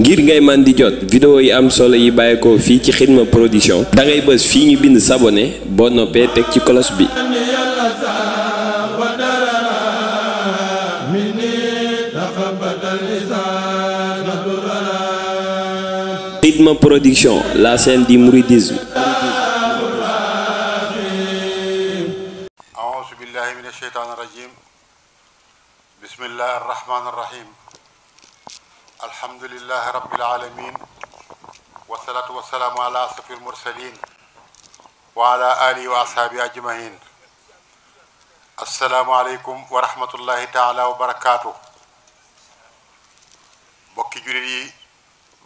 ngir ngay man di jot vidéo yi am solo yi bàyyeekoo fi ci Xidma production da ngay bës fi ñu bind sabonné bo noppé tek ci cloche bi Xidma production la scène du mouridisme أعوذ بالله من الشيطان بسم الله الرحمن الرحيم الحمد لله رب العالمين والصلاة والسلام على أسف المرسلين وعلى آله وأصحابه أجمعين السلام عليكم ورحمة الله تعالى وبركاته بكي جولي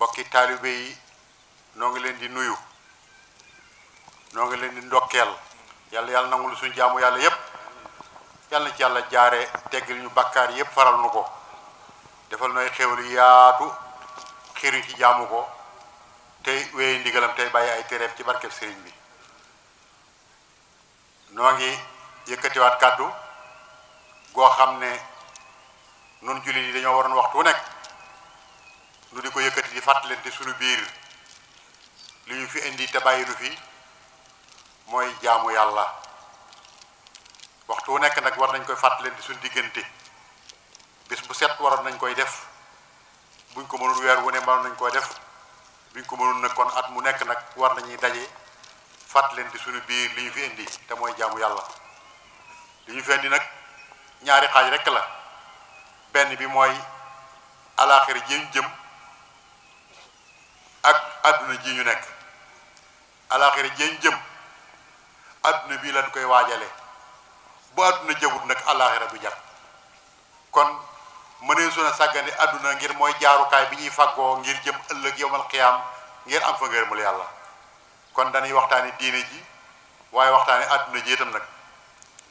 بكي تالبي نونغلين دي نويو نونغلين دي ندوكيل يالي يالا نغلسون جامو يالي ييب yàlla na ci yàlla jaare teggil ñu bàkkaar yépp faral nu ko defal nooy xéwal yaatu xiiruñ ci jaamu ko tey wéye ndigalam tey bàyyi ay téreem ci barkeb sëriñ bi noo ngi yëkkatiwaat kàddu goo xam ne nun julli yi dañoo waroon waxtu nekk lu di ko yëkkati di fàttalante suñu biir li ñu fi indi te bàyyi nu fi mooy jaamu yàlla waxtu wu nekk nag war nañ koy fàttalante suñu diggante bis bu set waroon nañ koy def buñ ko mënul weer wu ne nañ koy def ko mënul nag at mu nekk nag war nañuy daje fàttalante suñu biir li ñu fi indi te mooy jaamu yàlla li ñu fi indi nag ñaari xaaj rekk la benn bi mooy alaaxira ji jëm ak àdduna ji ñu nekk alaaxira ji jëm àdduna bii lañ koy waajale bu aduna jëwut nag alakhirah du jar kon mënee suna sagane aduna ngir moy jaaru kay ñuy faggo ngir jëm ëlëk yowmal qiyam ngir am fa ngërmul yalla kon dañuy waxtani diine ji waye waxtani aduna ji itam nak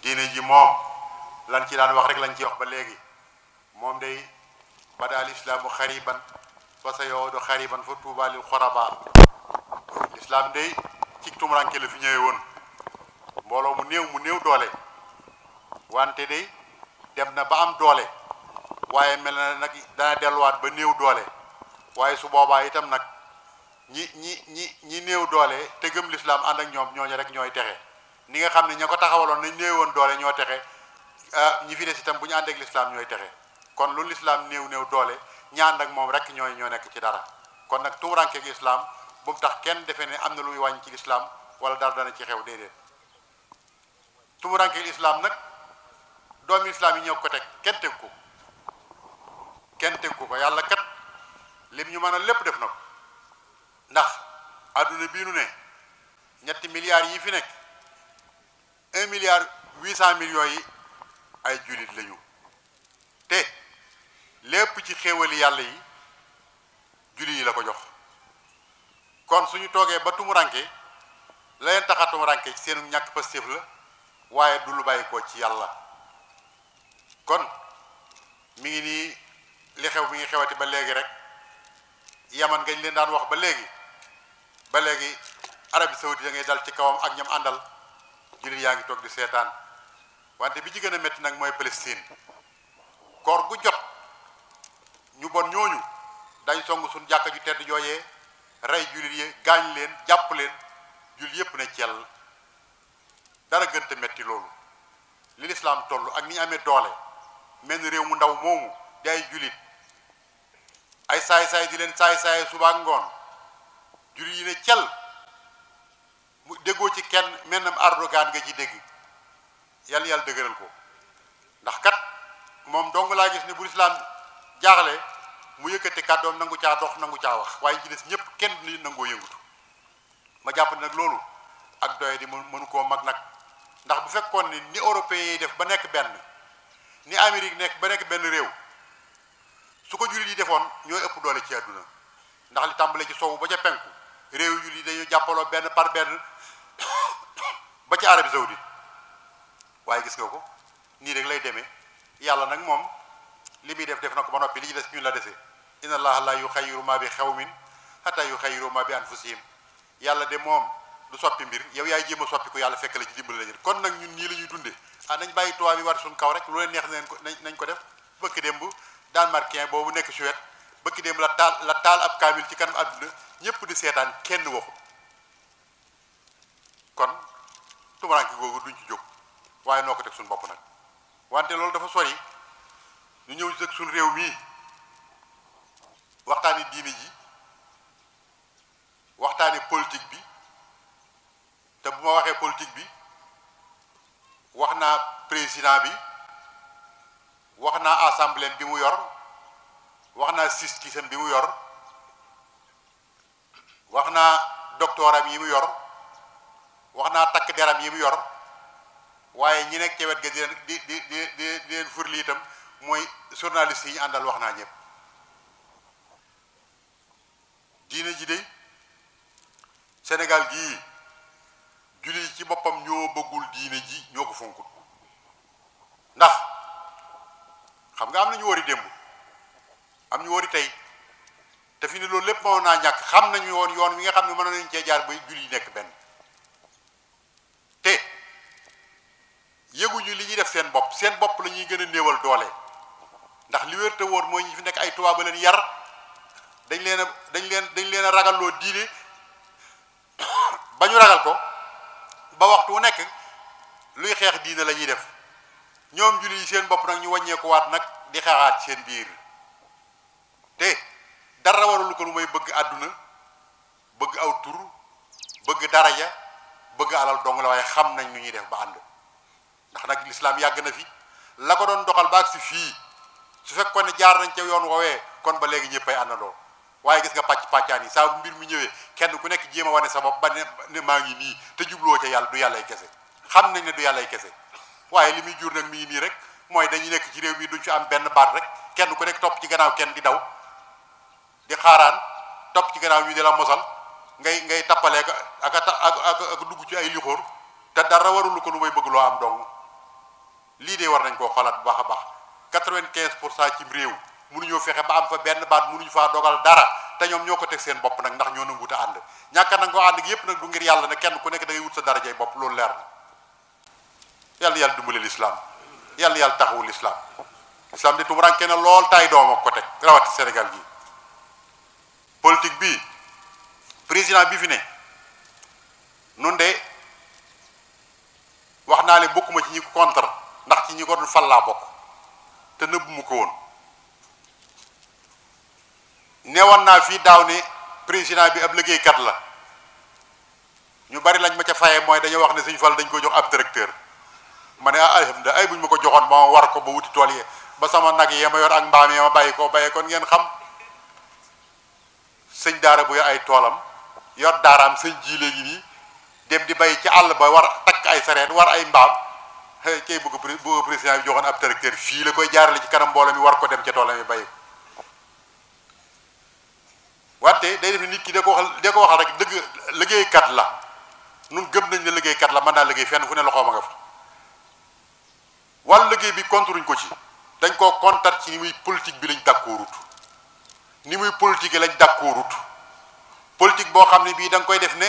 diine ji mom lan ci daan wax rek lan ci wax ba legi mom day badal Islamu khariban fa sa khariban fa tuba lil khuraba islam day ci tumuranke la fi ñëwee woon mu neew mu neew doole wante day dem na ba am doole waaye mel na nag dana delluwaat ba néew doole waaye su boobaa itam nag ñi ñi ñi ñi néew doole te gëm lislaam ànd ak ñoom ñooñu rek ñooy texe ni nga xam ne ña ko taxawaloon nañ néewoon doole ñoo texe ah, ñi fi des itam bu ñu ànd ak lislaam ñooy texe kon lu lislaam néew néew doole ñaan ànd ak moom rek ñooy ñoo nekk ci dara kon nag tumurankeeg lislaam bu tax kenn defee ne am na luy wàññi ci lislaam wala dara dana ci xew déedéet tumurankeeg lislaam nag doomi islam yi ñëw ko teg kenn teg ko kenn teg ko ko yàlla kat lim ñu man a lépp def na ko ndax àdduna bii nu ne ñetti milliards yi fi nekk un milliard huit cent millions yi ay jullit lañu te lépp ci xéewali yàlla yi jullit yi la ko jox kon suñu toogee ba tumuranke la leen tax a ci seen ñàkk pastéef waaye du lu bàyyi koo ci yàlla kon mi ngi ni li xew mi ngi xewati ba legi rek yaman gañ leen daan wax ba legi ba legi arab saudi da ya ngay dal ci kawam ak ñam andal jullit yaangi tok di setan wante bi ci gëna metti nak moy Palestine kor gu jot ñu bon ñooñu dañ songu sun jàkka ju tedd joyé rey jullit ye gañ leen japp leen jul yépp ne ciel dara gënte metti lolu li tollu ak ni amé doole menn réew mu ndaw moomu di ay julit ay saay-saay di leen saay-saay suba ak ngoon julit yi ne cel mu déggoo ci kenn menn am ardogan nga ci dégg yàlla yàlla dëgëral ko ndax kat moom dong laa gis ne bu lislaam jaaxle mu yëkkate kàddoom nangu caa dox nangu caa wax waaye ci des ñépp kenn ni nangoo yëngutu ma jàpp ne nag loolu ak doye di mënu koo mag nag ndax bu fekkoon ni ni européen yi def ba nekk benn ni Amérique nekk ba nekk benn réew su ko jullit yi defoon ñooy ëpp doole ci àdduna ndax li tàmbale ci sowu ba ca penku réew jullit yi dañuy jàppaloo benn par benn ba ca Arabie Saoudite waaye gis nga ko nii rek lay demee yàlla nag moom li muy def def na ko ba noppi li ci des ñun la desee inna allaha la yuxayyiru ma bi xew xawmin hatta yuxayyiru ma bi anfusihim yàlla de moom du soppi mbir yow yaay jéem a soppi ko yàlla fekk la ci dimbali la kon nag ñun nii la ñuy dundee ah nañ bàyyi tubaab yi war suñ kaw rek lu leen neex nañ ko nañ ko def bëkk démb danmarkin boobu nekk Suède bëkk démb la taal la taal ab kaamil ci kanam àdduna ñëpp di seetaan kenn waxu kon tumuraanke googu duñ ci jóg waaye noo ko teg suñ bopp nag wante loolu dafa sori ñu ñëw ci suñu réew mii waxtaani diine ji waxtaani politique bi te bu ma waxee politik bi wax naa président bi wax naa assemblée bi mu yor wax naa sis sistisam bi mu yor wax naa doctoram yi mu yor wax naa takk deram yi mu yor waaye ñi nekk ca wet ga di leen di di di di leen furli itam mooy journaliste yi ñu àndal wax naa ñëpp diine ji de Sénégal gii julli ci boppam ñoo bëggul diine ji ñoo ko fonkut ndax xam nga am na ñu wari démb am ñu wari tey te fi ne loolu lépp moo naa ñàkk xam nañu woon yoon wi nga xam ne mën nañu cee jaar bay julli nekk benn te yëguñu li ñuy def seen bopp seen bopp la ñuy gën a néewal doole ndax li wér te wóor mooy ñi fi nekk ay tubaab leen yar dañ leen a dañ leen dañ leen a ragalloo diine ba ñu ragal ko. ba waxtu wu nekk luy xeex diine la ñuy def ñoom julli yi seen bopp nag ñu wàññeeku nag di xeexaat seen biir te dara warul ko lu may bëgg àdduna bëgg aw tur bëgg daraja bëgg alal dong la waaye xam nañ lu ñuy def ba ànd ndax nag lislaam yàgg na fi la ko doon doxal ba ak si fii su fekkoon ne jaar nañ ca yoon woowee kon ba léegi ñëppay àndandoo waye gis nga pàcc pàccaani sa mbir mu ñëwé kenn ku nekk jéem wone wane sa ba ne maa ngi nii te jubloo ca yàlla du yàllay kese xam nañ ne du yàllay kese waaye li muy jur nag mi ngi nii rek mooy dañuy nekk ci réew mi duñ ci am benn baat rek kenn ku nekk topp ci gannaaw kenn di daw di xaaraan topp ci gannaaw ñu di la mosal ngay ngay tappalee ak ak ak dugg ci ay lixóor te dara warul ko lu may bëgg loo am dong lii de war nañ koo xalaat bu baax a baax 95 pour cent ci réew mënuñoo fexe ba am fa benn baat mënuñu faa dogal dara te ñoom ñoo ko teg seen bopp nag ndax ñoo nanguwut a ànd ñàkk nag ko ànd yépp nag du ngir yàlla ne kenn ku nekk da ngay wut sa darajay bopp loolu leer na yàlla yàlla dimbali lislaam yàlla yàlla taxawu lislaam lislaam di tumuranke na lool tay doom ak ko teg rawati Sénégal gi politique bi président bi fi ne nun de wax naa leen bokkuma ci ñi ko contre ndax ci ñi ko doon fal laa bokk te nëbb ko woon newoon naa fii daaw ni président bi ab liggéeykat la ñu bari lañ ma ca faye mooy dañoo wax ne sëñ Fall dañ ko jox ab directeur ma ne ah ay buñ ma ko joxoon ma war ko ba wuti tool yi ba sama nag yee ma yor ak mbaam yee ma bàyyi koo bàyyi kon ngeen xam sëñ daara bu yor ay toolam yor daaraam sëñ jii gi nii dem di bay ca àll ba war takk ay sareet war ay mbaam kay bëgg bëgg président bi joxoon ab directeur fii la koy jaarale ci kanam mbooloo mi war ko dem ca toolam yi bàyyi wante day def nit ki da ko waxal da ko waxal rek dëgg liggéeykat la nun gëm nañ ne liggéeykat la mën naa liggéey fenn fu ne loxoom a nga fa wàllu liggéey bi konturuñ ko ci dañ koo kontar ci ni muy politique bi lañ dàkkoorut ni muy politique lañ dàkkoorut politique boo xam ne bii danga koy def ne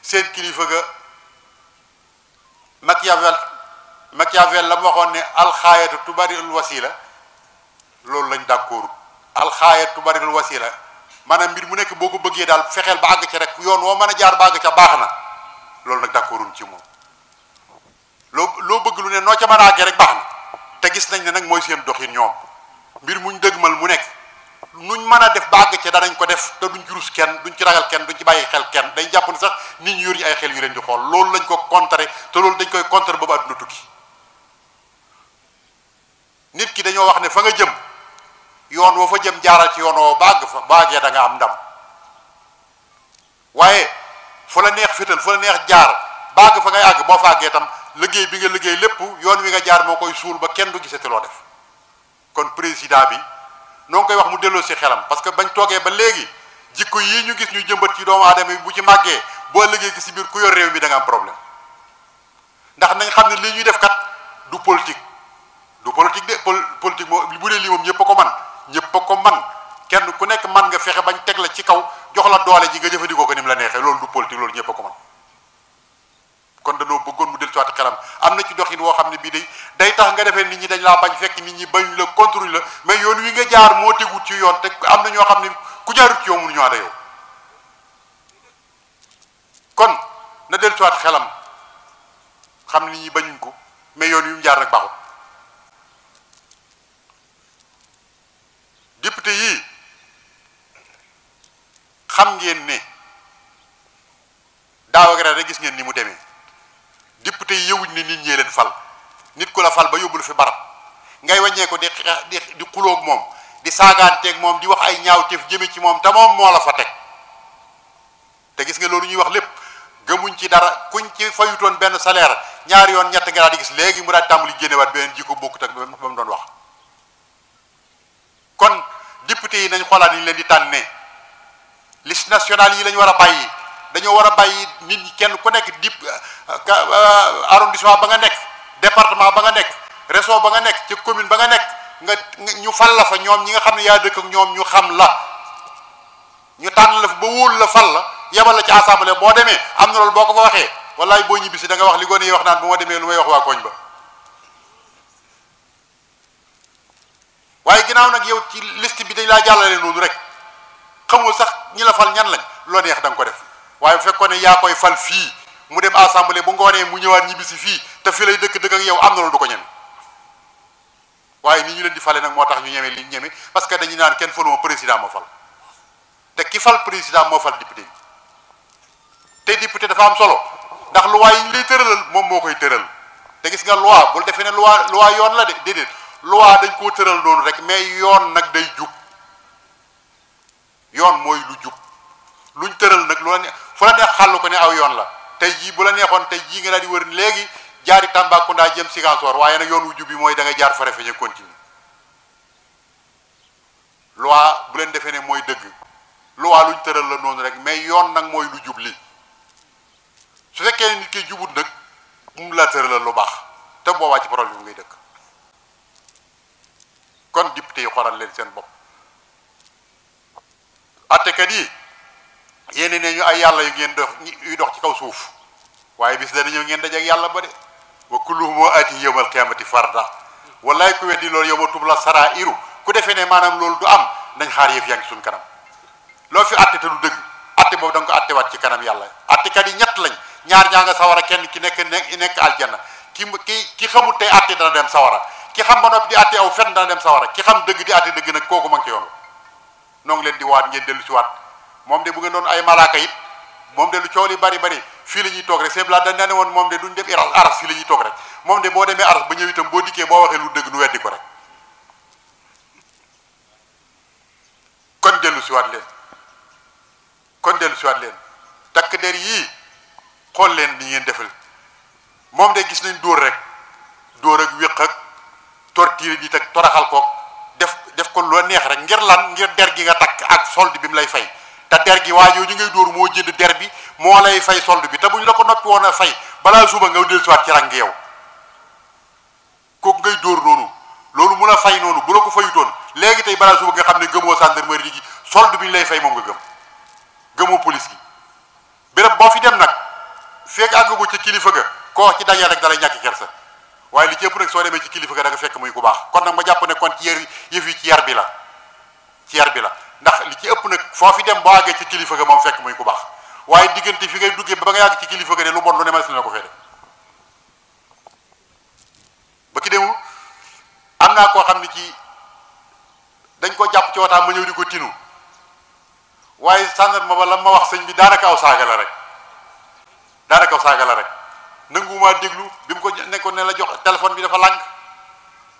seen kilifa ga Machiavel Machiavel la mu waxoon ne alxaayatu tubaril wasila loolu lañ dàkkoorut alxaayatu tubaril wasila maanaam mbir mu nekk boo ko bëggee daal fexeel ba àgg ca rek yoon woo mën a jaar ba àgg ca baax na loolu nag d'accordun ci moom loo loo bëgg lu ne noo ca man a àggee rek baax na te gis nañ ne nag mooy seen doxin ñoom mbir muñ dëgmal mu nekk nuñ mën a def ba àgg ca danañ ko def te duñ jurus kenn duñ ci ragal kenn duñ ci bàyyi xel kenn day jàpp ne sax nit ñu yor ñu ay xel yu leen di xool loolu lañ ko contrer te loolu dañ koy contrer boobu àdduna tukki nit ki dañoo wax ne fa nga jëm yoon wo fa jëm jaaral ci yoon woo bàgg fa ya bàggee da nga am ndam waaye fu la neex fital fu la neex jaar bàgg fa nga àgg boo fa àggee tam liggéey bi nga liggéey lépp yoon wi nga jaar moo koy suul ba kenn du gisati loo def kon président bi noo koy wax mu delloo si xelam parce que bañ toogee ba léegi jikko yi ñu gis ñu jëmbat ci doomu aadama yi bu ci màggee boo liggéey ki si biir ku yor réew mi da nga am problème ndax nañ xam ne li ñuy def kat du politique du politique de politique moo bu dee lii moom ñëpp ko man ñëpp a ko man kenn ku nekk man nga fexe bañ teg la ci kaw jox la doole ji nga jëfandikoo ko ni mu la neexee loolu du politique loolu ñëpp a ko man kon danoo bëggoon mu dellusiwaat xelam am na ci doxin woo xam ne bii day day tax nga defee nit ñi dañ laa bañ fekk nit ñi bañ la contrôle la mais yoon wi nga jaar moo tegut ci yoon te am na ñoo xam ne ku jaarut ci yow mënuñu ànd yow kon na dellusiwaat xelam xam nit ñi bañuñ ko mais yoon wi mu jaar nag baaxul. député yi xam ngeen ne daaw ak ren rek gis ngeen ni mu demee député yi yewuñ ne nit ñee leen fal nit ku la fal ba yóbbul fi barab ngay wàññee ko di di di xulóog moom di saagaanteeg moom di wax ay tef jëme ci moom te moom moo la fa teg te gis nga loolu ñuy wax lépp gëmuñ ci dara kuñ ci fayutoon benn salaire ñaar yoon ñett nga di gis léegi mu daal tàmbali génnewaat beneen ji ko bokk ak doon wax kon député yi nañ xoolaat ñu leen di tànnee liste nationale yi lañu war a bàyyi dañoo war a bàyyi nit ñi kenn ku nekk dip euh, euh, arrondissement ba nga nekk département ba nga nekk région ba nga nekk ci commune ba nga nekk nga ñu fal la fa ñoom ñi nga xam ne yaa dëkk ak ñoom ñu xam la ñu tànn la fa ba wóolu la fal la yebal la ci assemblée boo demee am na loolu boo ko fa waxee wallaay boo ñibbisi da nga wax li gone yi wax naan bu ma demee lu may wax waa koñ ba waaye ginnaaw nag yow ci list bi dañ laa jàllale noonu rek xamul sax ñi la fal ñan lañ loo neex da ko def waaye bu fekkoon ne yaa koy fal fii mu dem assemblée bu ngoonee mu ñëwaat ñibbisi fii te fi lay dëkk dëkk ak yow am na loolu du ko ñen waaye ni ñu leen di fale nag moo tax ñu ñeme li ñu ñeme parce que dañu naan kenn faluma président ma fal te ki fal président moo fal député te député dafa am solo ndax loi yi ñu lay tëralal moom moo koy tëral te gis nga loi bul defee ne loi loi yoon la de déedéet loi dañ koo tëral noonu rek mais yoon nag day jub yoon mooy lu jub luñ tëral nag loo ne fu la neex xàll ko ne aw yoon la te jii bu la neexoon tey jii nga daal di wër léegi jaari Tambacounda jëm Ziguinchor waaye nag yoon wu jub bi mooy da jaar Farafeññe continue loi bu leen defee mooy dëgg loi luñ tëral la noonu rek mais yoon nag mooy lu jub li su fekkee nit ki jubut nag mu la lu baax te boobaa ci problème ngay dëkk kon député yi xoral leen seen bopp attekat yi yéen ne ñu ay yàlla yu ngeen dox yu dox ci kaw suuf waaye bis dana ñëw ngeen dajeek yàlla ba de wa kulluhum aati yawmal qiyaamati farda wallaay ku weddi loolu yawma tubla saraa'iru ku defe ne maanaam loolu du am nañ xaar yëf yaa ngi suñ kanam loo fi atte te du dëgg atte moom da nga ko attewaat ci kanam yàlla attekat yi ñett lañ ñaar ñaa nga sawara kenn ki nekk nekk aljanna ki ki ki xamut tey atte dana dem sawara ki xam ba noppi di àtte aw fen dana dem sawara ki xam dëgg di àtte dëgg nag kooku ma ngi ci yoon noo ngi leen di waat ngeen dellu si waat moom de bu ngeen doon ay malaaka it moom de lu coow li bari bari fii la ñuy toog rek seblaa dañ ne woon moom de duñ def iras aras fii la toog rek moom de boo demee aras ba ñëw itam boo dikkee boo waxee lu dëgg nu weddi ko rek kon dellu si waat leen kon dellu si waat leen takk der yii xool leen ni ngeen defal moom de gis nañ dóor rek dóor ak wéq torture nit tak toraxal ko def def ko lo neex rek ngir lan ngir der gi nga tak ak solde bi mu lay fay ta der gi waajoo ñu ngi door mo jënd der bi mo lay fay solde bi ta buñ la ko noppi wona fay bala suba nga dellusiwaat ci rang yow ko ngay door nonu lolu mu la fay nonu bu la ko ton legi tay bala suba nga xamne ne gendarmerie gi solde bi ñu lay fay mo nga gëm gëmoo police gi béréb bo fi dem nag feeg àggagu ci kilifa ga ko ci rek dara kersa waaye li ci ëpp nag soo demee ci kilifa ga da fekk muy ku baax kon nag ma jàpp ne kon ci yar ci yar bi la ci yar bi la ndax li ci ëpp nag foo fi dem boo àggee ci kilifa ga moom fekk muy ku baax waaye diggante fi ngay duggee ba nga yàgg ci kilifa ga de lu bon lu ne mas na ko fee def ba ki dému am naa koo xam ni ci dañ ko jàpp ci wataa ma ñëw di ko tinu waaye sàndarma ba la ma wax sëñ bi daanaka aw saaga rek daanaka aw saaga la rek nanguwumaa déglu bi mu ko nekkoon ne la jox téléphone bi dafa làng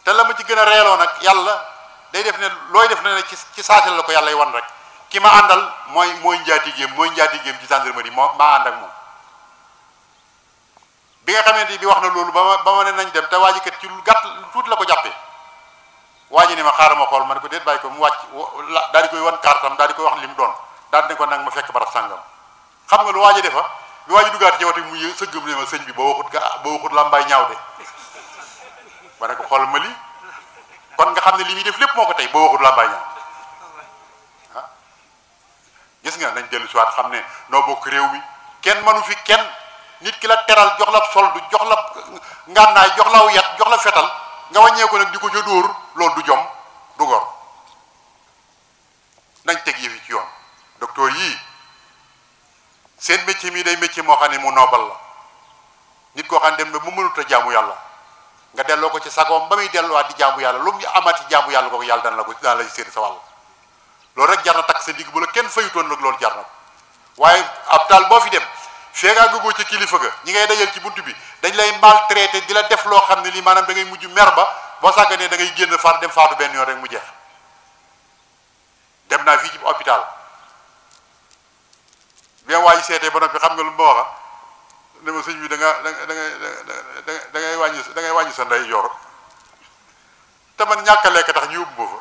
te la ma ci gën a reeloo nag yàlla day def ne looy def na ne ci ci saasel la ko yàlla y wan rek ki ma àndal mooy mooy njaati njaatigéem mooy njaati ci gendarmerie moo maa ànd ak moom bi nga xamante bi wax na loolu ba ba ma nañ dem te waa ji kat ci lu gàtt tuuti la ko jàppe waa ji ma xaaral ma xool ma ne ko déet bàyyi ko mu wàcc daal di koy wan kartam daal di koy wax li mu doon daal di ne ko nag ma fekk barab sàngam xam nga lu waa defa bi waji ji ci wate mu seugum sëgg mu ne ma sëñ bi bo waxut ga bo waxut lambay ñaaw de ma ne ko xool ma kon nga xamne limi def lepp moko tay bo waxut lambay ñaaw gis nga nañ delu ci wat xamne no bok rew mi kenn manu fi kenn nit ki la teral jox la soldu jox la ngànnaay jox la aw yat jox la fetal nga wàññee ko nak diko jo ca dóor du jom du gor nañ tek yefi ci yoon docteur yi seen métier mi day métier moo xam ne mu noobal la nit koo xam ne ba mu mënut a jaamu yàlla nga delloo ko ci sagoom ba muy delluwaat di jaamu yàlla lu mu amati jaamu yàlla kooku yàlla dana la ko dana lay seen sa wàll loolu rek jar na takk sa digg bu la kenn fayutoon nag loolu jar na waaye ab taal boo fi dem feegaa gëgoo ci kilifa ga ñi ngay dajal ci bunt bi dañ lay maltraité di la def loo xam ne lii maanaam da ngay mujj mer ba boo sàgganee da ngay génn faat dem faatu benn yoon rek mu jeex dem naa fii ci hôpital bee waaji sété ba noppi xam nga lu mu ma wax ne ma sëñ bi da nga da nga da nga da ngay wàññi da ngay wàññi sa ndey joor te man ñàkk a tax ñu yóbbu fa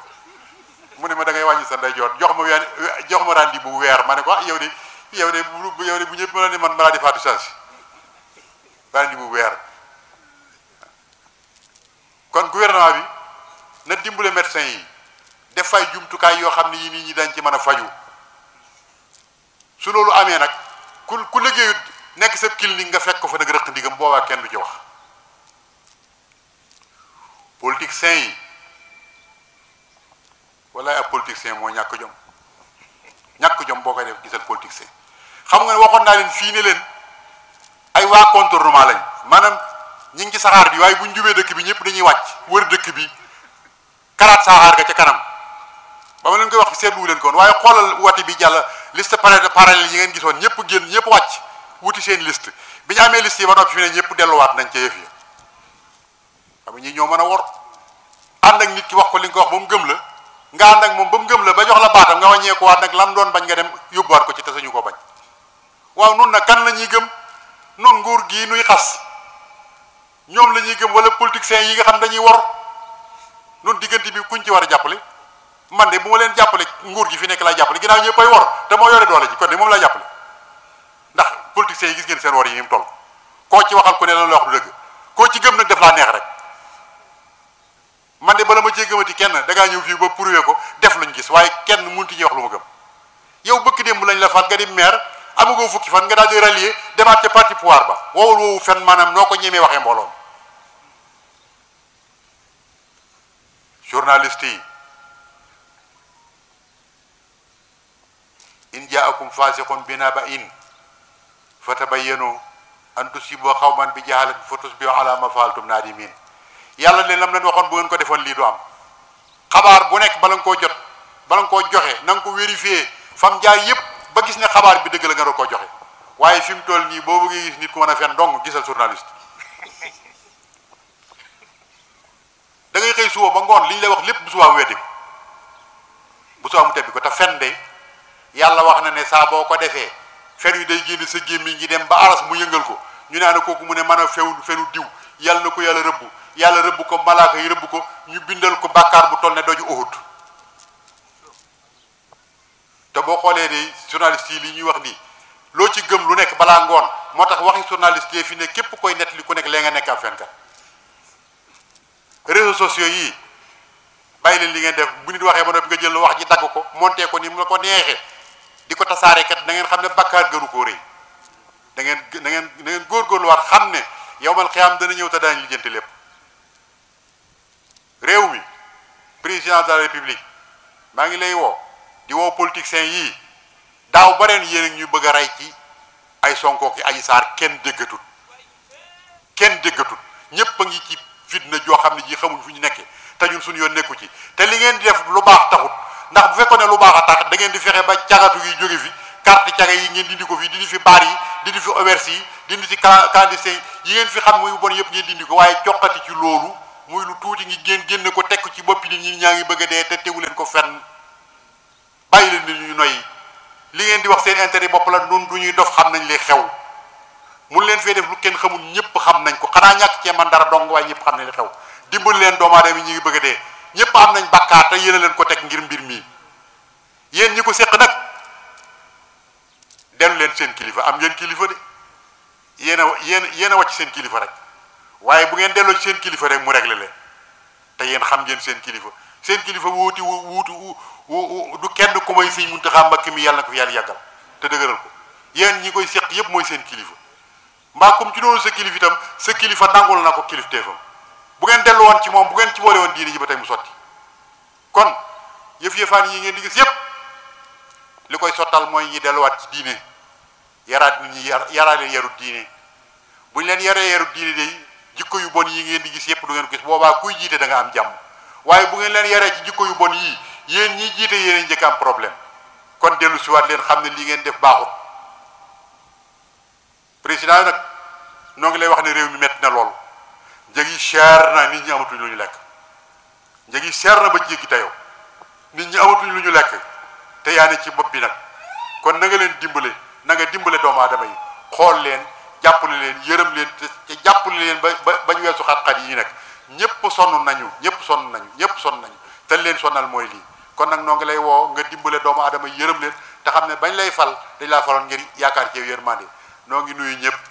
mu ne ma da ngay wàññi sa nday jor jox ma ween jox ma randi bu weer mané ko yow di yow di bu yow di bu ñepp ma man maladie faatu chance bu weer kon gouvernement bi na dimbulé médecin yi def fay jumtu kay yo xamni yi nit ñi dañ ci mëna fayu su loolu amee nag ku ku liggéeyut nekk sa clinique nga fekk ko fa nag rëq ndigam boobaa kenn du ci wax politiciens yi wala ab politicien moo ñàkk jom ñàkk jom boo koy def gisal politicien xam nga ne waxoon naa leen fii ne leen ay waa contournement lañ maanaam ñi ngi ci saxaar bi waaye bu ñu jubee dëkk bi ñëpp dañuy wàcc wër dëkk bi karaat saxaar ga ca kanam ba ma leen koy wax seetlu wu kon koon waaye wati woote bi jalla liste parallèle yi ngeen gissone ñepp génn ñepp wacc wuti seen liste bi ñu amee liste yi ba noppi fi ne delu wat nañ ci yef yi ya am ñi ñoo mëna wor and ak nit ki wax ko li nga wax bu mu gëm la nga and ak mom bu mu gëm la ba jox la baatam nga ko wat nak lam doon bañ nga dem ko ci te ko bañ waaw nun nag kan lañuy gëm nun nguur gi nuy xass ñom lañuy gëm wala politiciens yi nga xam dañuy wor nun digënté bi kuñ ci wara jappalé man de bu ma leen jàppale nguur gi fi nekk laay jàppale ginnaaw ñëppay wor te moo yore doole ji kon de moom laay jàppale ndax politiciens yi gis ngeen seen yi mu toll koo ci waxal ko ne la wax du dëgg koo ci gëm nag def laa neex rek man de ba bala ma cee gëmati kenn da ñëw fii ba prouvé ko def luñ gis waaye kenn mënut ñuy wax lu ma gëm yow bëkk démb lañ la faat nga di maire amagoo fukki fan nga daal di rallier demaat ca parti pouvoir ba woowul woowu fenn maanaam noo ko ñemee waxee mbooloom journaliste yi. in ja'akum fasiqun binaba'in fatabayyanu an tusibu qauman bi jahalatin fatusbihu ala ma faltum nadimin yalla leen lam leen waxon bu ngeen ko defon li do am xabar bu nek balang ko jot balang ko joxe nang ko vérifier fam jaay yépp ba gis ne xabar bi deug la nga ko joxe waye fim tol ni bo bëgg gis nit ko wana fen dong gisal journaliste da ngay xey suwa ba ngon liñ lay wax lepp bu suwa wéddi bu suwa mu tebbi ko ta fen de yàlla wax na ne saa boo ko defee fer yu day génn sa gémmiñ ngi dem ba aras mu yëngal ko ñu naa ne kooku mu ne mën a few fenu diw yàlla na ko yàlla rëbb yàlla rëbb ko malaaka yi rëbb ko ñu bindal ko bàkkaar bu toll ne doju uhut te boo xoolee ni journaliste yi li ñuy wax nii loo ci gëm lu nekk balaa ngoon moo tax waxi journaliste yi fi ne képp koy net li ku nekk lee nga nekk ab fenkat réseaux sociaux yi bàyyi leen li ngeen def bu nit waxee ba noppi nga jël wax ji dagg ko monté ko ni mu la ko neexee di ko tasaare kat da ngeen xam ne bakkaar gënu koo rëy da ngeen da ngeen da ngeen góorgóorluwaat xam ne yowmal xiyaam dana ñëw te daañu lijjanti lépp réew mi président de la république maa ngi lay woo di woo politiciens yii daaw ba ren yéen ñu bëgg a rey ci ay Sonko ki Adji Sarr kenn déggatul kenn déggatul ñëpp a ngi ci fitna joo xam ne ji xamul fu ñu nekkee te ñun suñu yoon nekku ci te li ngeen di def lu baax taxut. ndax bu fekkone lu baax tax da ngeen di fexé ba cagatu yi jóge fi carte caga yi ngeen dindi ko fi dindi fi bar yi dindi fi auberge yi dindi fi candidat yi ngeen fi xam muy bon yépp ngeen dindi ko waaye coqati ci loolu muy lu tuuti ngi génn génn ko tekk ci boppi nit ñi ñaa ngi bëgg a dee te tegu leen ko fenn bàyyi leen ni ñu noyyi li ngeen di wax seen intérêt bopp la nun du ñuy dof xam nañ lay xew mun leen fee def lu kenn xamul ñëpp xam nañ ko xanaa ñàkk cee man dara dong waaye ñëpp xam nañ lay xew dimbali leen doomu aadama yi ñu ngi bëgg a dee ñëpp am nañ bàkkaar te yéen a leen ko teg ngir mbir mii yéen ñi ko séq nag dellu leen seen kilifa am ngeen kilifa de yéen a yéen yéen a wàcc seen kilifa rek waaye bu ngeen delloo ci seen kilifa rek mu réglé leen te yéen xam ngeen seen kilifa seen kilifa wuuti wuuti du kenn ku may Sëñ Muntaxa Mbakke mi yàlla na ko fi yàlla yàggal te dëgëral ko yéen ñi koy séq yëpp mooy seen kilifa mbaa comme ci noonu sa kilifa itam sa kilifa nangul na ko kilif teefam bu ngeen delu won ci mom bu ngeen ci wolé won diini ji ba mu sotti kon yef yëfaan yi ngeen di gis yep likoy sotal moy mooy delu wat ci diine yaraat nit ñi yar yaraa diine bu ñu leen yaree diine de jikko yu bon yi ngeen di gis yep du ngeen gis boba kuy jité da nga am jàmm waye bu ngeen leen yare ci jikko yu bon yii yéen ñiy jiite yéen njëkk am problème kon delu ci wat leen xamne li ngeen def baaxut président nak nogi lay wax ni rew mi metti na lolou njëg yi cher na nit ñi amatuñ lu ñu lekk njëg yi cher na ba jéggi dayoo nit ñi amatuñ lu ñu lekk te yaa ne ci bopp bi nag kon nag leen dimbale nag nga dimbale doomu aadama yi xool leen jàppale leen yërëm leen leen ba ba ba ñu weesu xat-xat yi ñëpp sonn nañu ñëpp sonn nañu ñëpp sonn nañu te leen sonnal mooy lii kon nag noo lay woo nga dimbale doomu aadama yërëm leen te xam ne bañ lay fal dañ laa faloon ngir yaakaar ci yërmande noo ngi nuyu ñëpp.